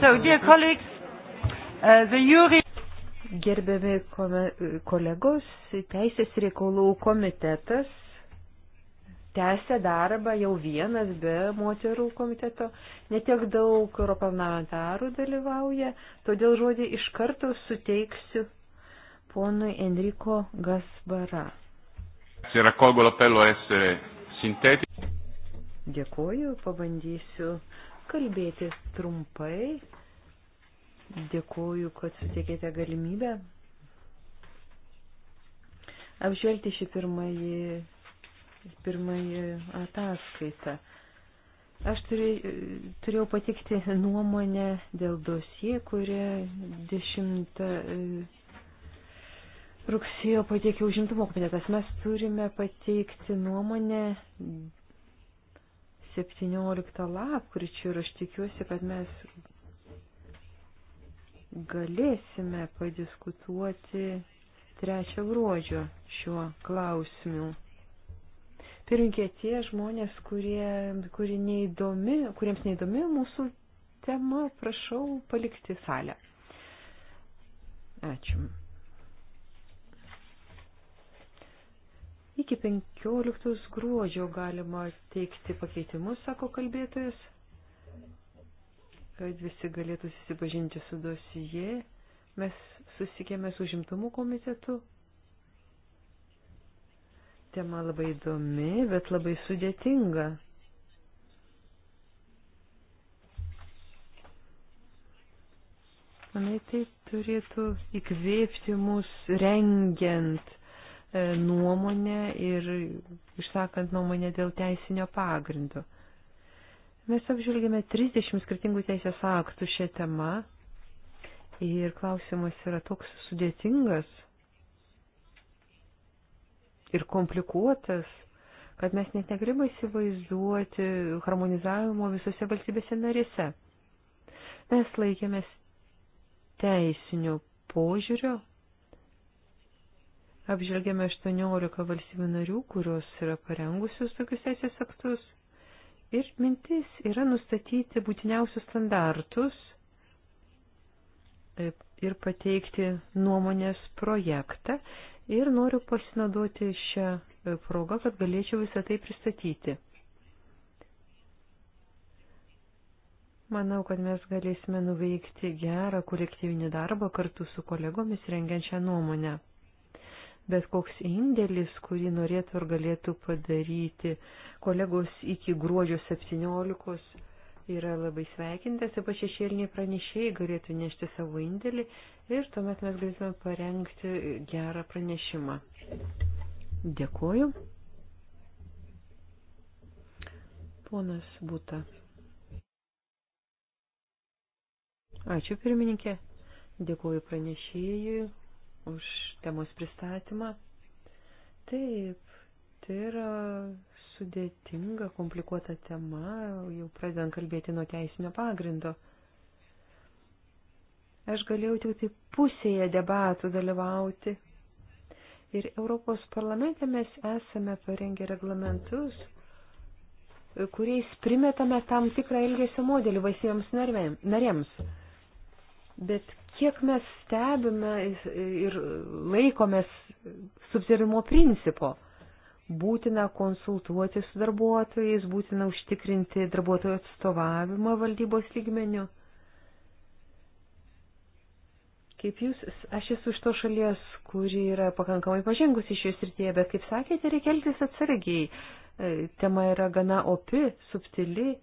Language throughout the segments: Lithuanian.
So, dear colleagues, uh, the jury... Gerbiami kolegos, Teisės reikalų komitetas tęsia darbą jau vienas be moterų komiteto. Netiek daug europarlamentarų dalyvauja, todėl žodį iš karto suteiksiu ponui Enrico Gasbara. Dėkuoju, pabandysiu kalbėti trumpai. Dėkuoju, kad suteikėte galimybę apžvelgti šį pirmąjį, pirmąjį ataskaitą. Aš turėjau, turėjau patikti nuomonę dėl dosie, kurią 10 e, rugsėjo pateikiau žimtumo komitetas. Mes turime pateikti nuomonę 17 lapkričio ir aš tikiuosi, kad mes galėsime padiskutuoti 3 gruodžio šiuo klausimu. Pirinkė tie žmonės, kurie, kurie neįdomi, kuriems neįdomi mūsų tema, prašau palikti salę. Ačiū. Iki 15 gruodžio galima teikti pakeitimus, sako kalbėtojas, kad visi galėtų susipažinti su dosije. Mes susikėmė su žimtumų komitetu. Tema labai įdomi, bet labai sudėtinga. Manai, tai turėtų įkvėpti mus rengiant E, nuomonę ir išsakant nuomonę dėl teisinio pagrindo. Mes apžvelgėme 30 skirtingų teisės aktų šią temą ir klausimas yra toks sudėtingas ir komplikuotas, kad mes net negalime įsivaizduoti harmonizavimo visose valstybėse narėse. Mes laikėmės teisinio požiūrio apžvelgėme 18 valstybių narių, kurios yra parengusios tokius teisės aktus. Ir mintis yra nustatyti būtiniausius standartus e, ir pateikti nuomonės projektą. Ir noriu pasinaudoti šią e, progą, kad galėčiau visą tai pristatyti. Manau, kad mes galėsime nuveikti gerą kolektyvinį darbą kartu su kolegomis rengiančią nuomonę bet koks indėlis, kurį norėtų ar galėtų padaryti kolegos iki gruodžio 17 yra labai sveikintas, ypač šešėliniai pranešėjai galėtų nešti savo indėlį ir tuomet mes galėtume parengti gerą pranešimą. Dėkuoju. Ponas Būta. Ačiū pirmininkė. Dėkuoju pranešėjui už temos pristatymą. Taip, tai yra sudėtinga, komplikuota tema, jau pradedant kalbėti nuo teisinio pagrindo. Aš galėjau tik tai pusėje debatų dalyvauti. Ir Europos parlamente mes esame parengę reglamentus, kuriais primetame tam tikrą elgesio modelį valstybėms narėms. Bet kiek mes stebime ir laikomės subsirimo principo. Būtina konsultuoti su darbuotojais, būtina užtikrinti darbuotojų atstovavimą valdybos lygmeniu. Kaip jūs, aš esu iš to šalies, kuri yra pakankamai pažengusi šioje srityje, bet kaip sakėte, reikia elgtis atsargiai. E, tema yra gana opi, subtili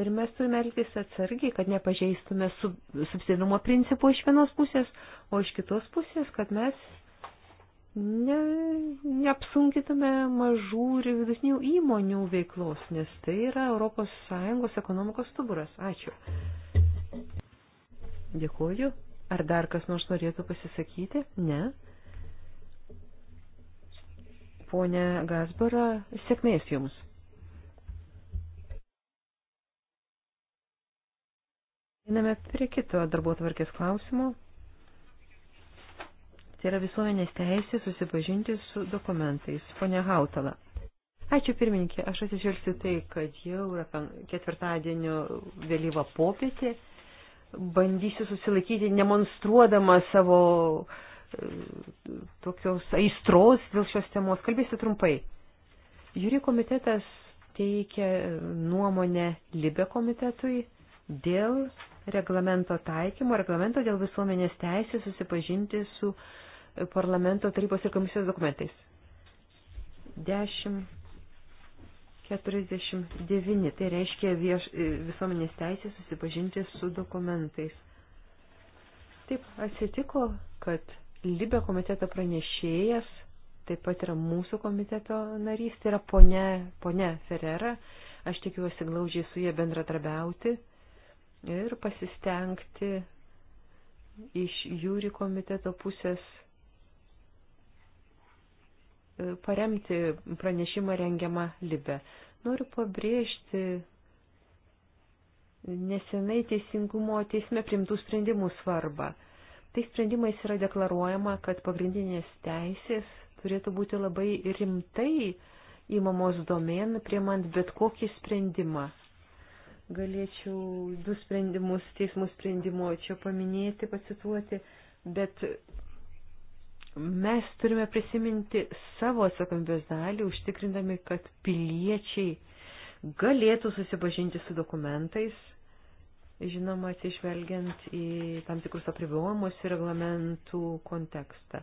Ir mes turime elgtis atsargiai, kad nepažeistume sub, subsidirumo principų iš vienos pusės, o iš kitos pusės, kad mes ne, neapsunkitume mažų ir vidutinių įmonių veiklos, nes tai yra ES ekonomikos stuburas. Ačiū. Dėkuoju. Ar dar kas nors norėtų pasisakyti? Ne. Pone Gasbara, sėkmės jums. Einame prie kito darbo tvarkės klausimo. Tai yra visuomenės teisė susipažinti su dokumentais. Pone Hautala. Ačiū pirmininkė, aš atsižvelgsiu tai, kad jau yra ketvirtadienio vėlyva popietė. Bandysiu susilaikyti, nemonstruodama savo e, tokios aistros dėl šios temos. Kalbėsiu trumpai. Jūri komitetas teikia e, nuomonę Libe komitetui dėl reglamento taikymo, reglamento dėl visuomenės teisės susipažinti su e, parlamento tarybos ir komisijos dokumentais. 10.49. Tai reiškia vieš, e, visuomenės teisės susipažinti su dokumentais. Taip atsitiko, kad Libė komiteto pranešėjas taip pat yra mūsų komiteto narys, tai yra ponia, ponia Ferrera. Aš tikiuosi glaudžiai su jie bendradarbiauti ir pasistengti iš jūri komiteto pusės e, paremti pranešimą rengiamą Libę. Noriu pabrėžti nesenai teisingumo teisme primtų sprendimų svarbą. Tai sprendimais yra deklaruojama, kad pagrindinės teisės turėtų būti labai rimtai įmamos domen, priemant bet kokį sprendimą galėčiau du sprendimus, teismo sprendimo čia paminėti, pacituoti, bet mes turime prisiminti savo atsakomybės dalį, užtikrindami, kad piliečiai galėtų susipažinti su dokumentais, žinoma, atsižvelgiant į tam tikrus apribojimus ir reglamentų kontekstą.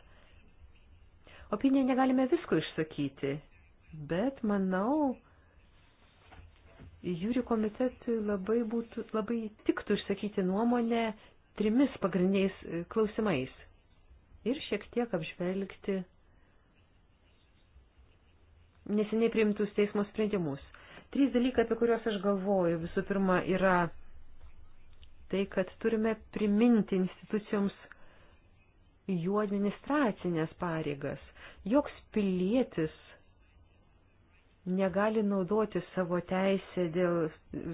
Opiniją negalime visko išsakyti, bet manau, Jūrių komitetui labai, būtų, labai tiktų išsakyti nuomonę trimis pagrindiniais e, klausimais ir šiek tiek apžvelgti neseniai priimtus teismo sprendimus. Trys dalykai, apie kuriuos aš galvoju, visų pirma, yra tai, kad turime priminti institucijoms jų administracinės pareigas. Joks pilietis negali naudoti savo teisę dėl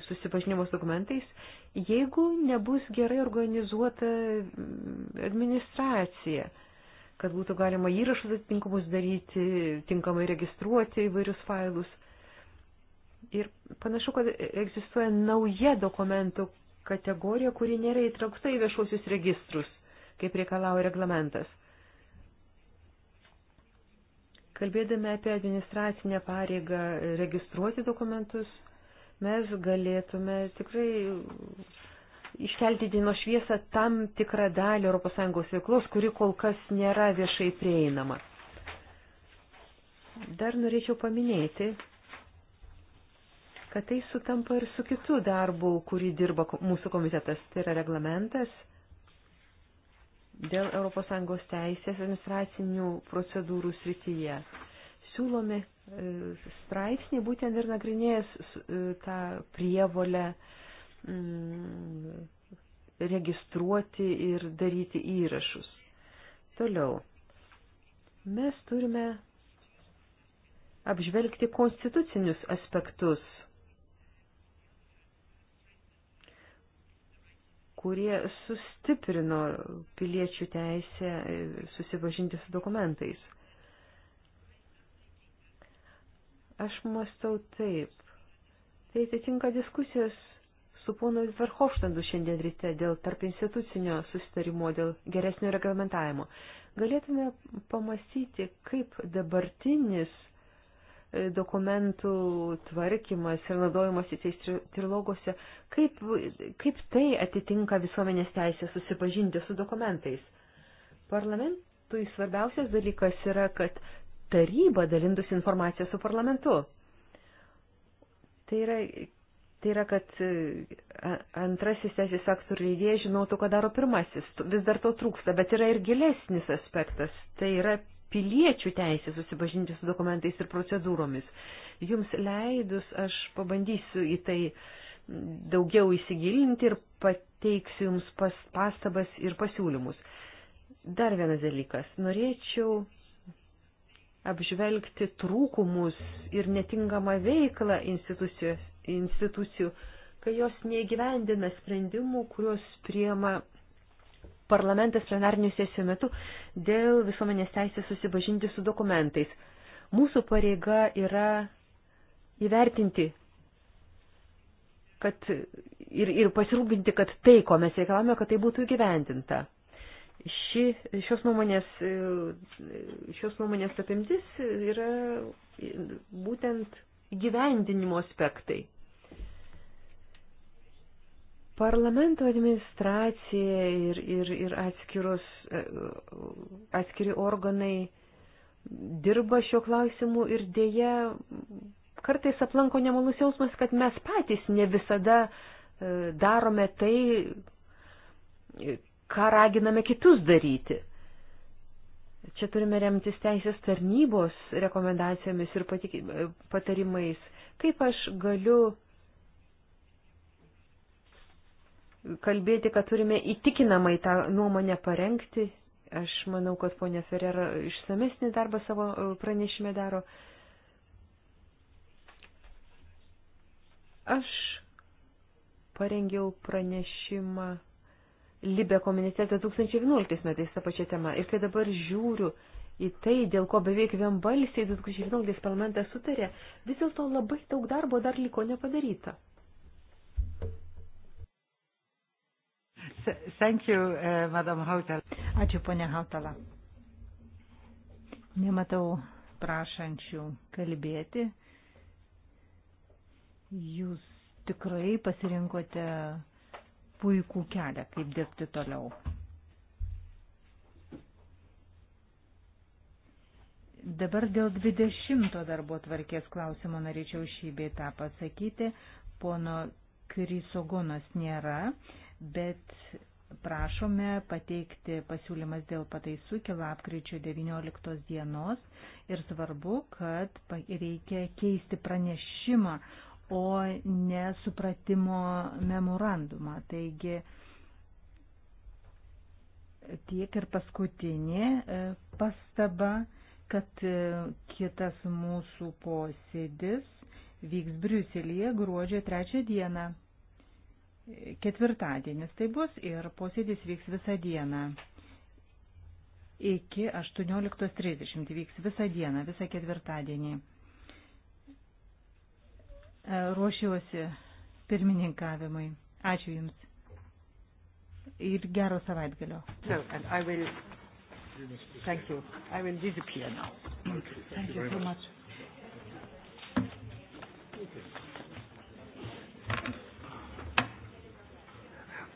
susipažinimo su dokumentais, jeigu nebus gerai organizuota mm, administracija, kad būtų galima įrašus atitinkamus daryti, tinkamai registruoti įvairius failus. Ir panašu, kad egzistuoja nauja dokumentų kategorija, kuri nėra įtraukta į viešuosius registrus, kaip reikalauja reglamentas. Kalbėdami apie administracinę pareigą registruoti dokumentus, mes galėtume tikrai iškelti dienos šviesą tam tikrą dalį ES veiklos, kuri kol kas nėra viešai prieinama. Dar norėčiau paminėti, kad tai sutampa ir su kitu darbu, kurį dirba mūsų komitetas, tai yra reglamentas dėl ES teisės administracinių procedūrų srityje. Siūlomi e, straipsnį būtent ir nagrinės e, tą prievolę mm, registruoti ir daryti įrašus. Toliau. Mes turime apžvelgti konstitucinius aspektus kurie sustiprino piliečių teisę e, susipažinti su dokumentais. Aš mastau taip. Tai atitinka diskusijos su ponu Verhofštandu šiandien ryte dėl tarp institucinio susitarimo, dėl geresnio reglamentavimo. Galėtume pamastyti, kaip dabartinis dokumentų tvarkymas ir naudojimas įteis trilogose, kaip, kaip tai atitinka visuomenės teisė susipažinti su dokumentais. Parlamentui svarbiausias dalykas yra, kad taryba dalintųsi informaciją su parlamentu. Tai yra, tai yra, kad antrasis teisės aktų leidėjas žinotų, ką daro pirmasis. Vis dar to trūksta, bet yra ir gilesnis aspektas. Tai yra piliečių teisė susipažinti su dokumentais ir procedūromis. Jums leidus aš pabandysiu į tai daugiau įsigilinti ir pateiksiu jums pas, pastabas ir pasiūlymus. Dar vienas dalykas. Norėčiau apžvelgti trūkumus ir netinkamą veiklą institucijų, institucijų kai jos neįgyvendina sprendimų, kuriuos priema parlamentas plenarnių sesijų metu dėl visuomenės teisės susipažinti su dokumentais. Mūsų pareiga yra įvertinti kad, ir, ir pasirūpinti, kad tai, ko mes reikalavome, kad tai būtų įgyvendinta. Ši, šios, nuomonės, šios nuomonės apimtis yra būtent gyvendinimo aspektai. Parlamento administracija ir, ir, ir atskiros, e, atskiri organai dirba šiuo klausimu ir dėja kartais aplanko nemalus jausmas, kad mes patys ne visada e, darome tai, ką raginame kitus daryti. Čia turime remtis teisės tarnybos rekomendacijomis ir patik, patarimais, kaip aš galiu kalbėti, kad turime įtikinamai tą nuomonę parengti. Aš manau, kad ponė Ferrera išsamesnį darbą savo e, pranešime daro. Aš parengiau pranešimą Libė komunitete 2011 metais tą pačią temą. Ir kai dabar žiūriu į tai, dėl ko beveik vienbalsiai 2011 parlamentas sutarė, vis dėlto labai daug darbo dar liko nepadaryta. Thank you, uh, Madam Hautala. Ačiū, ponė Hautala. Nematau prašančių kalbėti. Jūs tikrai pasirinkote puikų kelią, kaip dirbti toliau. Dabar dėl 20 darbo tvarkės klausimo norėčiau šį bei tą pasakyti. Pono Krysogonos nėra, bet prašome pateikti pasiūlymas dėl pataisų iki lapkričio 19 dienos ir svarbu, kad reikia keisti pranešimą, o ne supratimo memorandumą. Taigi tiek ir paskutinė e, pastaba, kad e, kitas mūsų posėdis vyks Briuselėje gruodžio 3 dieną ketvirtadienis tai bus ir posėdis vyks visą dieną. Iki 18.30 vyks visą dieną, visą ketvirtadienį. E, ruošiuosi pirmininkavimui. Ačiū Jums. Ir gero savaitgalio. So, and I will... Thank you. I will disappear now. Okay, thank, thank you, you so much. much. Okay.